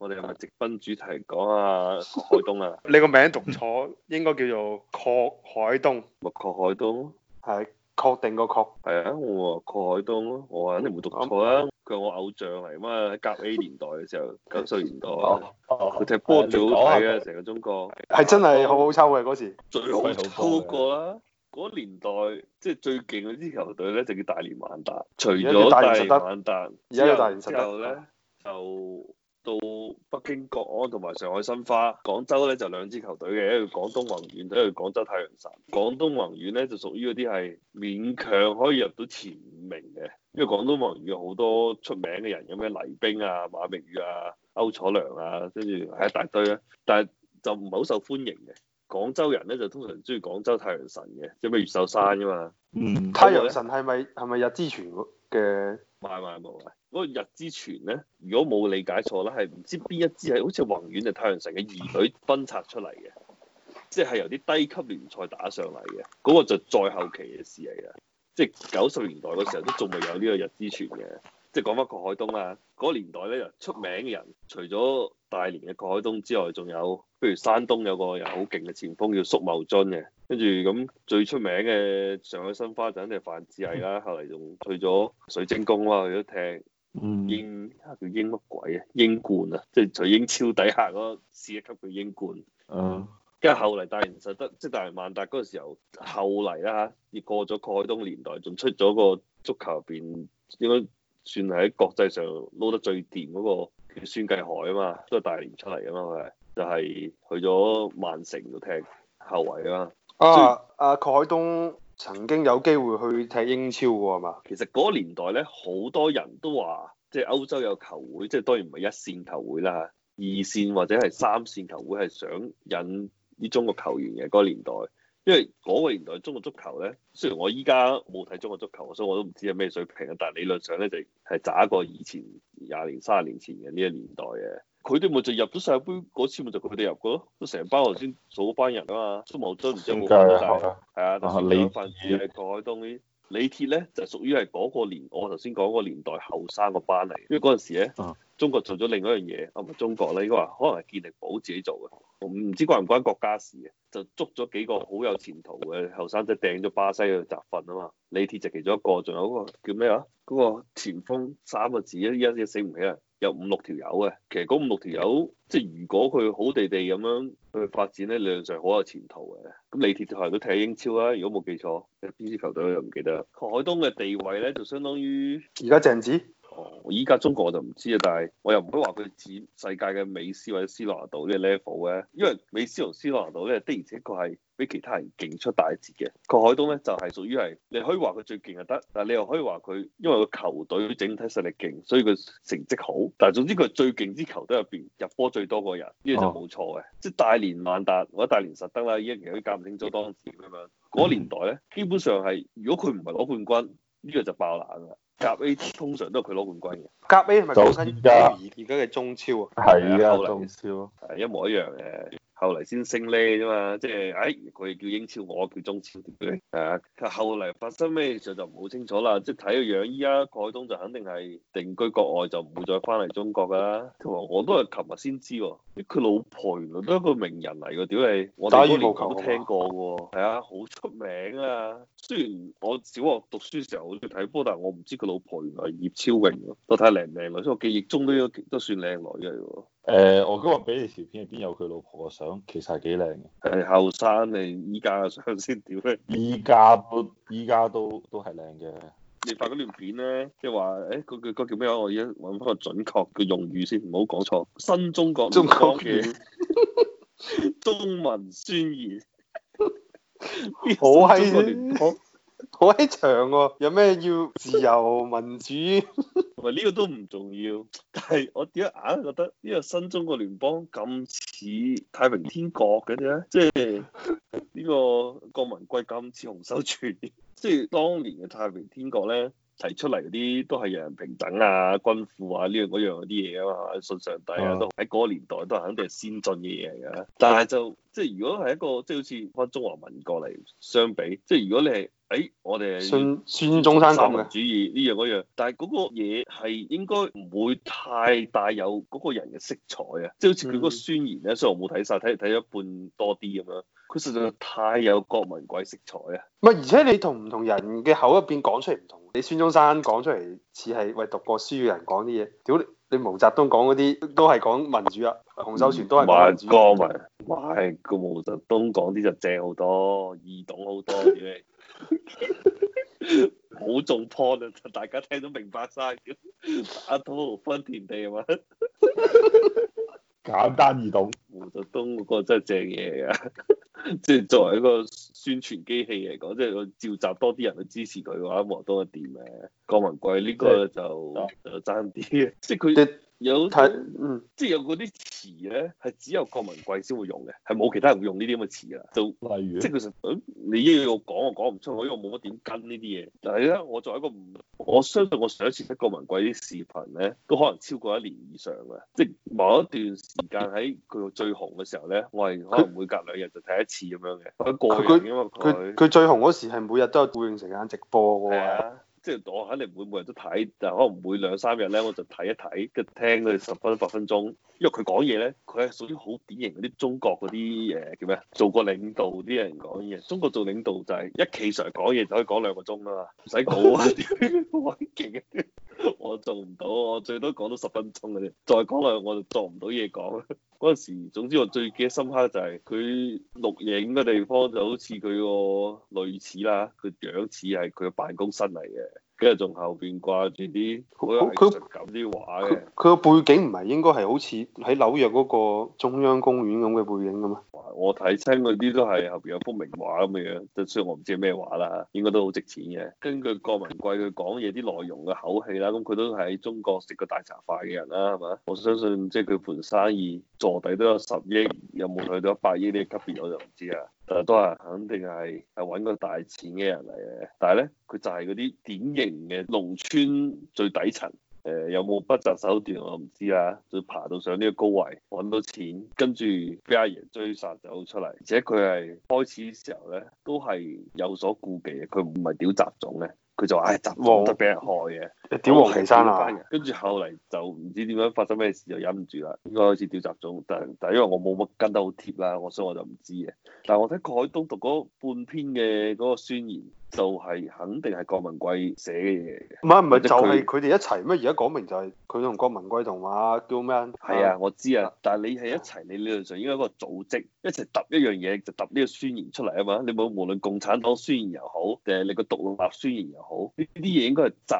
我哋係咪直奔主題講阿郝海東啊？你個名讀錯，應該叫做郝海東。咪郝海東？係確定個郝。係啊，我話郝海東咯，我話肯定唔會讀錯啊！佢係我偶像嚟噶嘛，甲 A 年代嘅時候，九十年代佢踢波最好睇啊，成個中國係真係好好抽嘅嗰時，最好抽過啦！嗰年代即係最勁嗰啲球隊咧，就叫大連萬達。除咗大連萬達，而家大連實德之後咧就。到北京國安同埋上海申花，廣州咧就兩支球隊嘅，一個廣東宏遠，一個廣州太陽神。廣東宏遠咧就屬於嗰啲係勉強可以入到前五名嘅，因為廣東宏遠好多出名嘅人，有咩黎兵啊、馬明宇啊、歐楚良啊，跟住係一大堆啊，但係就唔係好受歡迎嘅。廣州人咧就通常中意廣州太陽神嘅，即係咩越秀山噶嘛。嗯，太陽神係咪係咪日之泉？嘅，唔係唔係唔係，嗰個日之泉咧，如果冇理解錯啦，係唔知邊一支係好似宏遠定太陽城嘅二隊分拆出嚟嘅，即係由啲低級聯賽打上嚟嘅，嗰個就再後期嘅事嚟嘅，即係九十年代嘅時候都仲未有呢個日之泉嘅。即係講翻郝海東啦，嗰、那個、年代咧就出名嘅人，除咗大連嘅郝海東之外，仲有，譬如山東有個有好勁嘅前鋒叫宿茂臻嘅，跟住咁最出名嘅上海申花就肯定係范志毅啦，後嚟仲去咗水晶宮啦，佢都踢，嗯、英叫英乜鬼啊？英冠啊，即係在英超底下嗰次一級叫英冠，啊、嗯，跟住、嗯、後嚟大連實德，即係大連萬達嗰個時候，後嚟啦嚇，亦過咗郝海東年代，仲出咗個足球入邊點算係喺國際上撈得最掂嗰個叫孫繼海啊嘛，都係大連出嚟啊嘛，佢係就係去咗曼城度踢後衞啊。以啊，阿郝海東曾經有機會去踢英超嘅係嘛？其實嗰年代咧好多人都話，即係歐洲有球會，即係當然唔係一線球會啦，二線或者係三線球會係想引啲中國球員嘅嗰、那個、年代。因為嗰個年代中國足球咧，雖然我依家冇睇中國足球，所以我都唔知係咩水平啊。但係理論上咧，就係渣過以前廿年、三十年前嘅呢個年代嘅。佢哋咪就入咗世界杯嗰次，咪就佢哋入過咯。成班我先，數嗰班人啊嘛。蘇茂忠唔知有冇咁大？係啊。啊，李李鐵咧就屬於係嗰個年，我頭先講嗰個年代後生個班嚟。因為嗰陣時咧。嗯中國做咗另一樣嘢，唔係中國咧，應該話可能係健力寶自己做嘅，我唔知關唔關國家事啊？就捉咗幾個好有前途嘅後生仔，掟咗巴西去集訓啊嘛。李鐵就其中一個，仲有嗰個叫咩啊？嗰、嗰個前鋒三個字，依家依醒唔起啦，有五六條友嘅。其實嗰五六條友，即係如果佢好地地咁樣去發展咧，量上好有前途嘅。咁李鐵就係都踢英超啦，如果冇記錯，邊支球隊又唔記得。郝海東嘅地位咧，就相當於而家鄭智。哦，依家中國我就唔知啊，但係我又唔可以話佢似世界嘅美斯或者朗拿度呢 level 咧，因為美斯同朗拿度咧的而且確係比其他人勁出大截嘅。郝海東咧就係、是、屬於係你可以話佢最勁就得，但係你又可以話佢因為個球隊整體實力勁，所以佢成績好。但係總之佢最勁之球隊入邊入波最多個人，呢、這個就冇錯嘅。哦、即係大連萬達，或者大連實德啦，依家其實都搞唔清楚當時咁樣嗰、那個、年代咧，基本上係如果佢唔係攞冠軍，呢、這個就爆冷啦。甲 A 通常都係佢攞冠軍嘅，甲 A 係咪最新而而家嘅中超啊？係啊，中超係一模一樣嘅。後嚟先升咧啫嘛，即係哎，佢叫英超，我叫中超，屌你，係啊！佢後嚟發生咩事就唔好清楚啦，即係睇個樣，依家海東就肯定係定居國外，就唔會再翻嚟中國噶啦。同埋我都係琴日先知，佢老婆原來都係一個名人嚟噶，屌你，我哋嗰年都聽過噶，係啊，好出名啊！雖然我小學讀書嘅時候好中意睇波，但係我唔知佢老婆原來葉超穎咯，都睇下靚唔靚女，所以我記憶中都都算靚女嘅。誒、呃，我今日俾你條片，邊有佢老婆嘅相？其實係幾靚嘅。係後生你依家嘅相先屌。咧、就是？依家都依家都都係靚嘅。你發嗰段片咧，即係話誒，嗰個嗰叫咩話？我而家揾返個準確嘅用語先，唔好講錯。新中國中國嘅 中文宣言。好閪長，有咩要自由民主？ 呢個都唔重要，但係我點解硬係覺得呢個新中國聯邦咁似太平天國嘅咧？即係呢個郭文貴咁似洪秀全。即 係當年嘅太平天國咧，提出嚟啲都係人人平等啊、均富啊呢樣嗰樣嗰啲嘢啊嘛，信上帝啊都喺嗰個年代都係肯定係先進嘅嘢嘅。但係就即係、就是、如果係一個即係、就是、好似翻中華民國嚟相比，即、就、係、是、如果你係。誒、哎，我哋孫孫中山三民主義呢樣嗰樣，但係嗰個嘢係應該唔會太帶有嗰個人嘅色彩啊，即係好似佢個宣言咧，嗯、雖然我冇睇晒，睇睇咗一半多啲咁樣，佢實在太有國民鬼色彩啊。唔係，而且你同唔同人嘅口入邊講出嚟唔同，你孫中山講出嚟似係為讀過書嘅人講啲嘢，屌你毛澤東講嗰啲都係講民主啊，洪秀全都係民主。唔係個，唔係個毛澤東講啲就正好多，易懂好多嘢。好重 point 啊！大家聽到明白晒嘅，打土豪分田地係嘛。 簡單易懂，毛澤東嗰個真係正嘢啊。即 係作為一個宣傳機器嚟講，即係佢召集多啲人去支持佢嘅話，毛多一點咧、啊？郭文貴呢個就的就爭啲，即係佢。有睇，嗯，即係有嗰啲詞咧，係只有郭文貴先會用嘅，係冇其他人會用呢啲咁嘅詞啊。就例如，的即係其實你一要講，我講我講唔出，我因為冇乜點跟呢啲嘢。但係啊，我作為一個我相信我上一次睇郭文貴啲視頻咧，都可能超過一年以上嘅，即係某一段時間喺佢最紅嘅時候咧，我係可能每隔兩日就睇一次咁樣嘅。佢過日因為佢佢最紅嗰時係每日都有固定時間直播嘅喎。即係我肯定唔會日都睇，但係可能每兩三日咧我就睇一睇，跟住聽佢十分八分鐘。因為佢講嘢咧，佢係屬於好典型嗰啲中國嗰啲誒叫咩？做過領導啲人講嘢。中國做領導就係一企上嚟講嘢就可以講兩個鐘啊嘛，唔使講啊，好勁。我做唔到，我最多講到十分鐘嘅啫。再講落去我就做唔到嘢講啦。嗰 陣時，總之我最記深刻就係佢錄影嘅地方就好似佢個類似啦，佢樣似係佢嘅辦公室嚟嘅。跟住仲後邊掛住啲好藝術感啲畫嘅。佢佢個背景唔係應該係好似喺紐約嗰個中央公園咁嘅背景咁咩？我睇清嗰啲都係後邊有幅名畫咁嘅樣，就雖然我唔知係咩畫啦，應該都好值錢嘅。根據郭文貴佢講嘢啲內容嘅口氣啦，咁佢都喺中國食過大茶飯嘅人啦，係咪？我相信即係佢盤生意坐底都有十億，有冇去到一百億呢？級別我就唔知啦。就都係肯定係係揾個大錢嘅人嚟嘅，但係咧佢就係嗰啲典型嘅農村最底層，誒、呃、有冇不擇手段我唔知啦，就爬到上呢個高位揾到錢，跟住俾阿爺追殺走出嚟，而且佢係開始嘅時候咧都係有所顧忌嘅，佢唔係屌雜種嘅。佢就唉，雜汪都俾人害嘅，屌黃岐山啊！跟住後嚟就唔知點樣發生咩事，就忍唔住啦。應該開始釣集種，但但因為我冇乜跟得好貼啦，所以我就唔知嘅。但係我睇郝海東讀嗰半篇嘅嗰個宣言。就係肯定係郭文貴寫嘅嘢，唔係唔係就係佢哋一齊咩？而家講明就係佢同郭文貴同話、啊、叫咩？係啊，我知啊，啊但係你係一齊，你理論上應該一個組織一齊揼一樣嘢就揼呢個宣言出嚟啊嘛！你冇無論共產黨宣言又好定係你個獨立宣言又好，呢啲嘢應該係集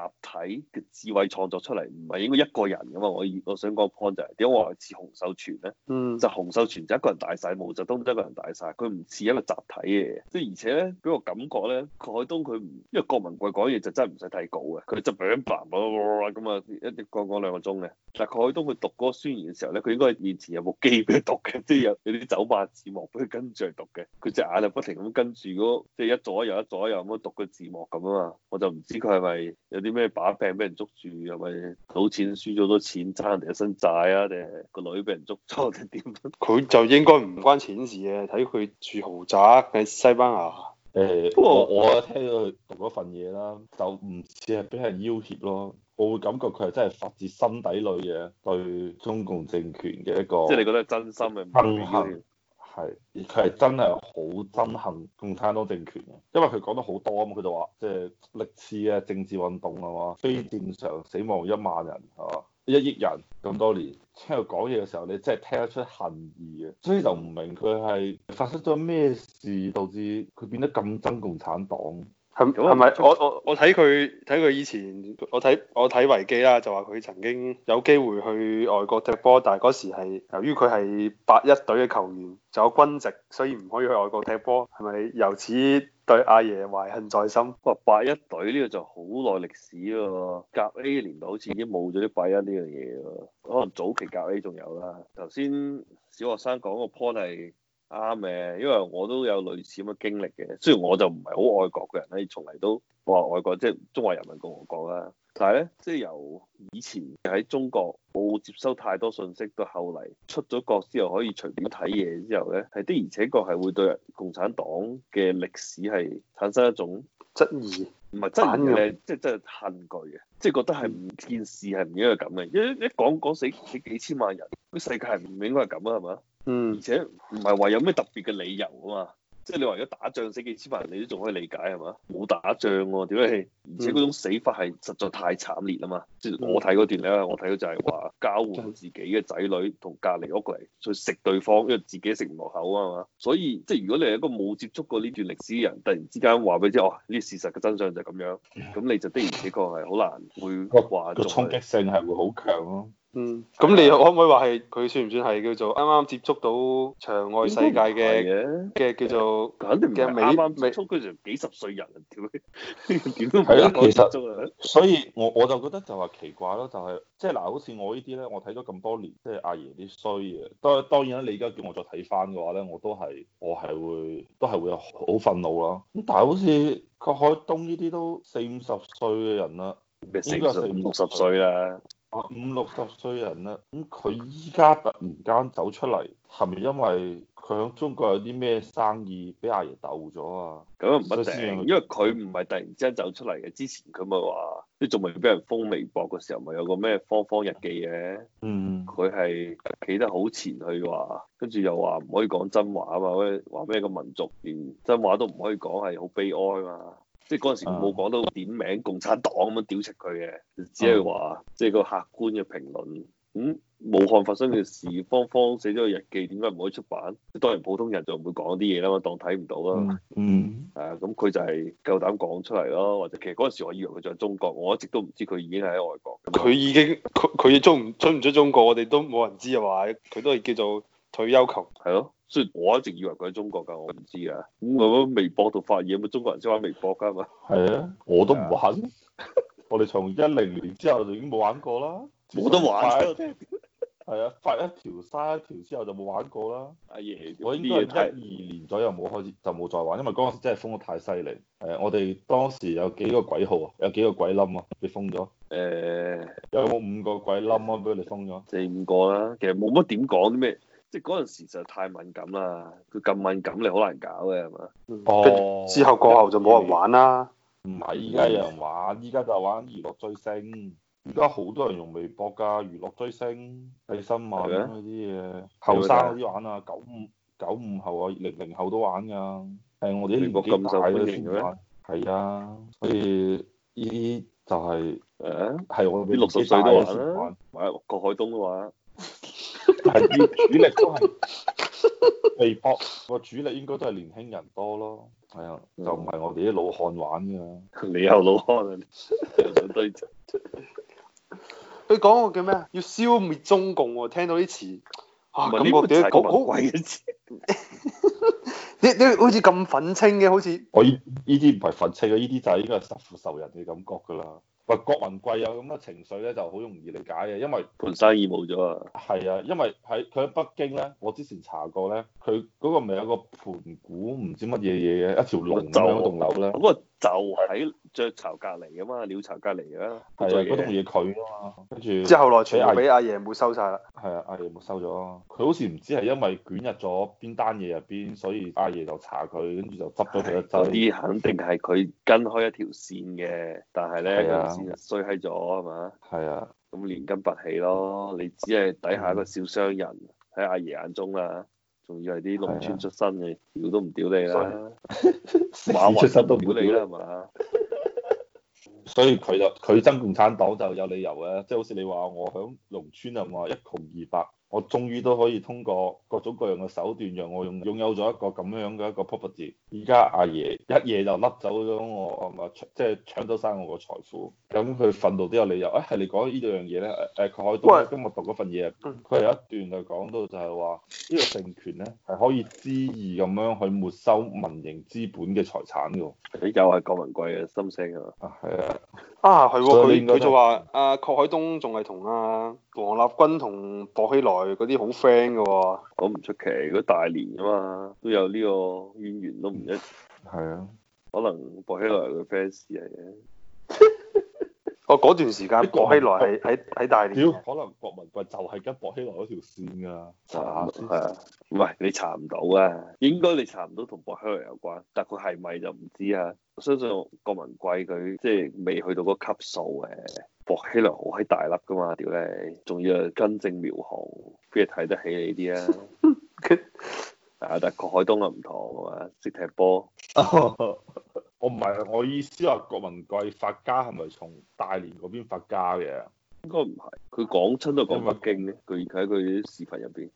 體嘅智慧創作出嚟，唔係應該一個人噶嘛？我我想講 point 就係點解我話似洪秀全咧？嗯，就洪秀全就一個人大晒，毛澤東就一個人大晒，佢唔似一個集體嘅即係而且咧俾個感覺咧，海東佢唔，因為郭文貴講嘢就真係唔使睇稿嘅，佢就咁叭叭咁啊，一講講兩個鐘嘅。但係海東佢讀嗰個宣言嘅時候咧，佢應該係面前有部機俾佢讀嘅，即係有有啲走馬字幕俾佢跟住讀嘅。佢隻眼就不停咁跟住嗰，即係一左一右一左一右咁讀個字幕咁啊嘛。我就唔知佢係咪有啲咩把柄俾人捉住，係咪賭錢輸咗好多錢，差人哋一身債啊，定係個女俾人捉咗定點？佢就應該唔關錢事嘅，睇佢住豪宅喺西班牙。誒、欸、不過我，我的聽到佢讀嗰份嘢啦，就唔似係俾人要挾咯，我會感覺佢係真係發自心底裏嘅對中共政權嘅一個，即係你覺得係真心嘅憎恨，係佢係真係好憎恨共產黨政權嘅，因為佢講得好多啊嘛，佢就話即係歷次嘅政治運動啊嘛，非正常死亡一萬人係嘛。一億人咁多年，聽佢講嘢嘅時候，你真係聽得出恨意嘅，所以就唔明佢係發生咗咩事導致佢變得咁憎共產黨。係係咪？我我我睇佢睇佢以前，我睇我睇維基啦，就話佢曾經有機會去外國踢波，但係嗰時係由於佢係八一隊嘅球員，就有軍籍，所以唔可以去外國踢波。係咪由此？對阿爺懷恨在心。不過八一隊呢個就好耐歷史喎，甲 A 年代好似已經冇咗啲八一呢樣嘢喎。可能早期甲 A 仲有啦。頭先小學生講個 point 係啱嘅，因為我都有類似咁嘅經歷嘅。雖然我就唔係好愛國嘅人，喺從嚟都話愛國，即係中華人民共和國啦。但係咧，即係由以前喺中國冇接收太多信息，到後嚟出咗國之後可以隨便睇嘢之後咧，係的而且確係會對共產黨嘅歷史係產生一種質疑，唔係質疑，即係真係恨懼嘅，即係覺得係件事係唔應該咁嘅，一一講講死幾幾千萬人，啲世界係唔應該係咁啊，係嘛？嗯，而且唔係話有咩特別嘅理由啊嘛。即係你話如果打仗死幾千萬人你都仲可以理解係嘛？冇打仗喎、啊，點解？而且嗰種死法係實在太慘烈啦嘛！即係、嗯、我睇嗰段咧，我睇到就係話交換自己嘅仔女同隔離屋嚟去食對方，因為自己食唔落口啊嘛。所以即係、就是、如果你係一個冇接觸過呢段歷史嘅人，突然之間話俾你知哦，呢啲事實嘅真相就係咁樣，咁你就的而且確係好難會話。個衝擊性係會好強咯、啊。嗯，咁你可唔可以話係佢算唔算係叫做啱啱接觸到場外世界嘅嘅叫做？肯定唔係啱啱接觸嘅，成幾十歲人點咧？點都唔係啊，啱啱接觸啊！所以我我就覺得就話奇怪咯，就係即係嗱，好似我呢啲咧，我睇咗咁多年，即係阿爺啲衰嘢，當當然啦，你而家叫我再睇翻嘅話咧，我都係我係會都係會好憤怒啦。咁但係好似郝海東呢啲都四五十歲嘅人啦，應該四五十歲啦。啊五六十歲人啦，咁佢依家突然間走出嚟，係咪因為佢喺中國有啲咩生意俾阿爺爺鬥咗啊？咁樣唔一定，因為佢唔係突然之間走出嚟嘅，之前佢咪話，即仲未俾人封微博嘅時候，咪有個咩方方日記嘅，嗯，佢係企得好前去話，跟住又話唔可以講真話啊嘛，咩話咩個民族連真話都唔可以講係好悲哀啊嘛。即係嗰陣時冇講到點名共產黨咁樣屌食佢嘅，只係話即係個客觀嘅評論。咁、嗯、武漢發生嘅事，方方寫咗個日記，點解唔可以出版？即當然普通人就唔會講啲嘢啦嘛，當睇唔到啦、嗯。嗯，係咁佢就係夠膽講出嚟咯。或者其實嗰陣時我以為佢就喺中國，我一直都唔知佢已經喺外國。佢已經佢佢出唔出唔出中國，我哋都冇人知啊！話佢都係叫做。退休球係咯，雖然我一直以為佢喺中國噶，我唔知啊。咁我喺微博度發有冇中國人先玩微博噶嘛。係啊，我都唔玩。 我哋從一零年之後就已經冇玩過啦，冇得玩。係 啊，發一條刪一條之後就冇玩過啦。阿爺、哎呀，我應該一二年左右冇開始就冇再玩，因為嗰陣時真係封得太犀利。誒，我哋當時有幾個鬼號啊，有幾個鬼冧啊,、欸、啊，被封咗。誒，有冇五個鬼冧啊？俾佢哋封咗。四五個啦、啊，其實冇乜點講啲咩。即係嗰陣時實太敏感啦，佢咁敏感你好難搞嘅係嘛？跟、哦、之後過後就冇人玩啦。唔係依家有人玩，依家就玩娛樂追星，而家好多人用微博㗎，娛樂追星睇新聞嗰啲嘢，後生嗰啲玩啊嗎，九五九五後啊，零零後都玩㗎。係我哋啲年紀咁大都玩。係啊，所以依啲就係、是、誒，係嗎我啲六十歲都、啊、玩，郝海東都玩。 主力都係微博個，主力應該都係年輕人多咯，哎嗯，係啊，就唔係我哋啲老漢玩嘅。你又老漢啊？又想佢講個叫咩啊？要消滅中共，啊，聽到啲詞啊，咁我哋講好鬼嘅詞， 你你好似咁憤青嘅，好似我呢啲唔係憤青嘅，呢啲就係應該係仇富仇人嘅感覺噶啦。郭文貴有咁嘅情緒咧，就好容易理解嘅，因為盤生意冇咗啊。係啊，因為喺佢喺北京咧，我之前查過咧，佢嗰個咪有個盤古唔知乜嘢嘢嘅一條龍咁樣，一棟樓咧。就喺雀巢隔離啊嘛，鳥巢隔離嘅，都仲都中意佢啊嘛，跟住之後來全部俾阿爺冇收晒啦。係啊，阿爺冇收咗啊。佢好似唔知係因為捲入咗邊單嘢入邊，所以阿爺就查佢，跟住就執咗佢一劑。嗰啲肯定係佢跟開一條線嘅，但係咧佢就衰喺咗係嘛？係啊的，咁的連根拔起咯。你只係底下一個小商人喺、嗯、阿爺眼中啦。仲以為啲農村出身嘅，屌、啊、都唔屌你啦，馬、啊、雲出身都屌你啦，係嘛？所以佢就佢憎共產黨就有理由啊，即、就、係、是、好似你話我響農村啊，話一窮二白。我終於都可以通過各種各樣嘅手段，讓我擁擁有咗一個咁樣嘅一個 property。而家阿爺一夜就甩走咗我，啊，即係搶走晒我個財富。咁佢憤怒都有理由。誒、哎，係你講呢兩樣嘢咧？誒、哎、誒，郝海東今日讀嗰份嘢，佢喂有一段就講到就係話，呢、這個政權咧係可以恣意咁樣去沒收民營資本嘅財產嘅。比又係郭文貴嘅心聲啊！啊，係啊。啊，係喎，佢佢以他就話阿、啊、郝海東仲係同阿王立軍同薄熙來嗰啲好 friend 嘅喎、啊，我唔出奇，佢大連啊嘛，都有呢個淵源都唔一，係啊的，可能薄熙來嘅 fans 嚟嘅。我嗰段時間，薄熙來係喺喺大連，可能郭文貴就係跟薄熙來嗰條線㗎。查係啊，唔係你查唔到啊？應該你查唔到同薄熙來有關，但佢係咪就唔知啊？相信郭文貴佢即係未去到嗰級數誒。薄熙來好閪大粒㗎嘛屌你，仲要係根正苗紅，邊係睇得起你啲啊？ 啊！但郭海東又唔同啊嘛，識踢波。 我唔係，我意思話，郭文貴發家係咪從大連嗰邊發家嘅？應該唔係。佢講親都講北京嘅，佢喺佢視頻入邊。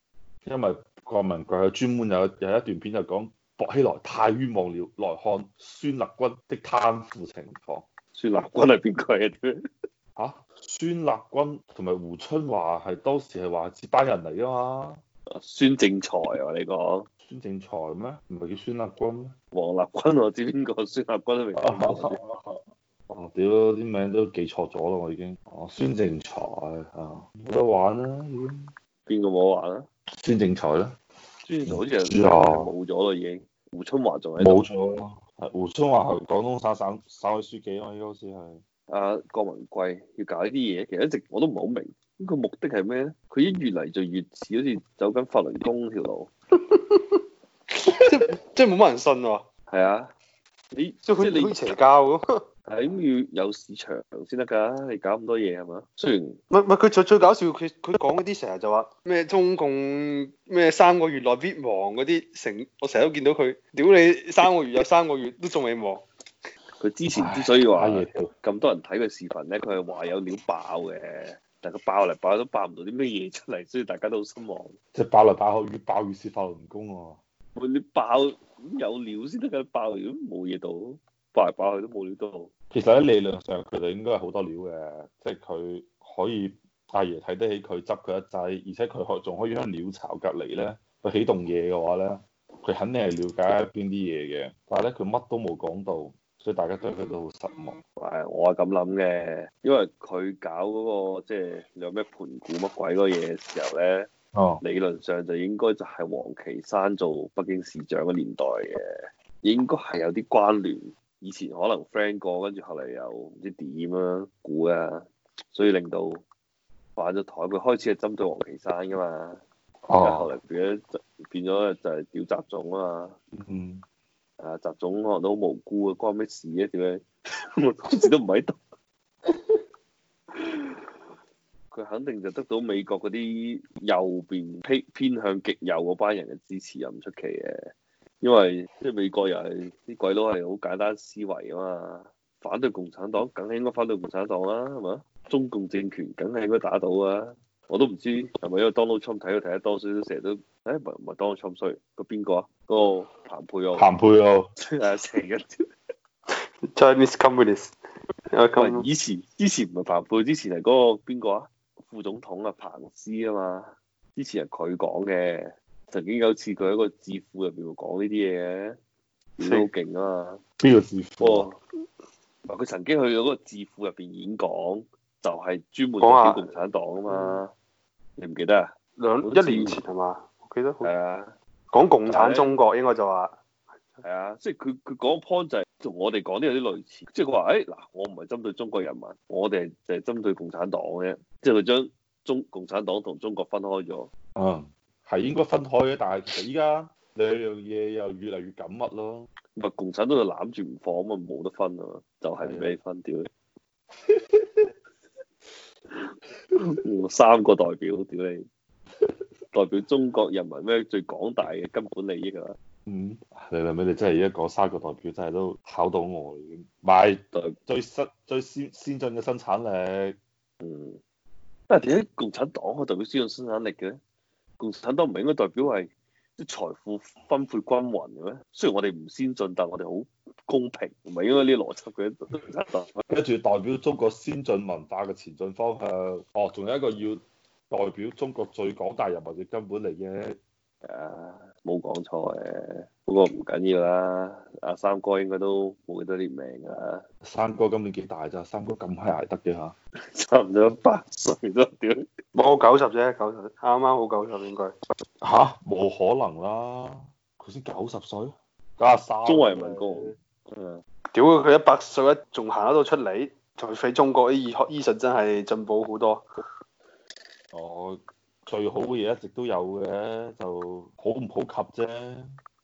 因為郭文貴佢專門有有一段片就講薄熙來太冤枉了，來看孫立軍的貪腐情況。孫立軍係邊個啊？嚇、 啊！孫立軍同埋胡春華係當時係話接班人嚟啊嘛。孫政才啊，你講孫政才咩？唔係叫孫立軍咩？王立軍我知邊個，孫立軍都未。哦 、啊，屌，啲名都記錯咗咯，我已經。哦、啊，孫政才係冇、啊、得玩啦、啊，已經。邊個冇得玩咧、啊？孫、啊啊、政才咧，孫政才好似又冇咗咯，已經，啊已經。胡春華仲喺。冇咗。係胡春華係廣東省省省委書記、啊，我依家好似係。啊，郭文貴要搞呢啲嘢，其實一直我都唔係好明。呢個目的係咩咧？佢一越嚟就越似好似走緊法輪功條路，即係即係冇乜人信喎。係啊，你即係佢佢邪教。係 咁要有市場先得噶，你搞咁多嘢係嘛？雖然唔係唔係，佢最最搞笑，佢佢講嗰啲成日就話咩中共咩三個月內必亡嗰啲，成我成日都見到佢。屌你三個月有三個月都仲未亡。佢唉之前之所以話咁 多人睇佢視頻咧，佢係話有料爆嘅。但佢爆嚟爆去都爆唔到啲咩嘢出嚟，所以大家都好失望。即係爆嚟爆去、啊，越爆越似法輪功喎。喂，你爆有料先得㗎，爆如果冇嘢到，爆嚟爆去都冇料到。其實喺理論上，佢哋應該係好多料嘅，即係佢可以阿爺睇得起佢執佢一劑，而且佢可仲可以喺鳥巢隔離咧，佢起動嘢嘅話咧，佢肯定係了解邊啲嘢嘅，但係咧佢乜都冇講到。所以大家對佢都好失望，係我係咁諗嘅，因為佢搞嗰、那個即係、就是、有咩盤古乜鬼嗰嘢嘅時候咧，哦，理論上就應該就係王岐山做北京市長嘅年代嘅，應該係有啲關聯。以前可能 friend 過，跟住後嚟又唔知點啊，估啊，所以令到反咗台。佢開始係針對王岐山噶嘛，哦，後嚟變咗就變咗就係屌雜種啊嘛，嗯。啊！習總可能都好無辜啊，關咩事啊？點解 我當時都唔喺度？佢 肯定就得到美國嗰啲右邊偏偏向極右嗰班人嘅支持又唔出奇嘅。因為即係美國又係啲鬼佬係好簡單思維啊嘛，反對共產黨梗係應該反對共產黨啦、啊，係咪？中共政權梗係應該打倒啊！我都唔知係咪，因為 Donald Trump 睇佢睇得多，所以成日都。誒，唔係唔係當個咁衰，個邊個啊？嗰、那個彭佩奧。彭佩奧。啊，成聲嘅。Chinese Communist。唔係以前，以前唔係彭佩，之前係嗰個邊個啊？副總統啊，彭斯啊嘛。之前係佢講嘅，曾經有次佢喺個智庫入邊講呢啲嘢嘅，好勁啊嘛。邊個智庫啊？佢、啊哦、曾經去咗嗰個智庫入邊演講，就係、是、專門講共產黨啊嘛。嗯、你唔記得啊？兩好像 一年前係嘛？ 係啊，講共產中國應該就話係啊，啊，即係佢佢講 point 就係同我哋講都有啲類似，即係佢話誒嗱，我唔係針對中國人民，我哋係就係、是、針對共產黨嘅，即係佢將中共產黨同中國分開咗。啊，係應該分開嘅，但係其實依家兩樣嘢又越嚟越緊密咯。唔係共產黨就攬住唔放啊，冇得分啊嘛，就係、是、未分屌。啊、 三個代表屌你。代表中國人民咩最廣大嘅根本利益啊？嗯，你諗下，你真係而家講三個代表真係都考到我啦，買代對 最新最先先進嘅生產力。嗯，但係點解共產黨嘅代表先進生產力嘅咧？共產黨唔係應該代表係啲財富分配均勻嘅咩？雖然我哋唔先進，但係我哋好公平，唔係應該呢個邏輯嘅？跟住 代表中國先進文化嘅前進方向。哦，仲有一個要。代表中國最廣大人民嘅根本嚟嘅，啊，誒，冇講錯嘅，不過唔緊要啦。阿三哥應該都冇幾多年命啊。三哥今年幾大咋？三哥咁嗨挨得嘅吓，差，啊、唔 多百歲咯，屌，冇九十啫，九十，啱啱好九十應該。吓，冇可能啦，佢先九十歲，九十三。中華人民共和國屌佢， 一百歲一仲行得到出嚟，除非中國啲醫學醫術真係進步好多。哦，最好嘅嘢一直都有嘅，就好唔普及啫。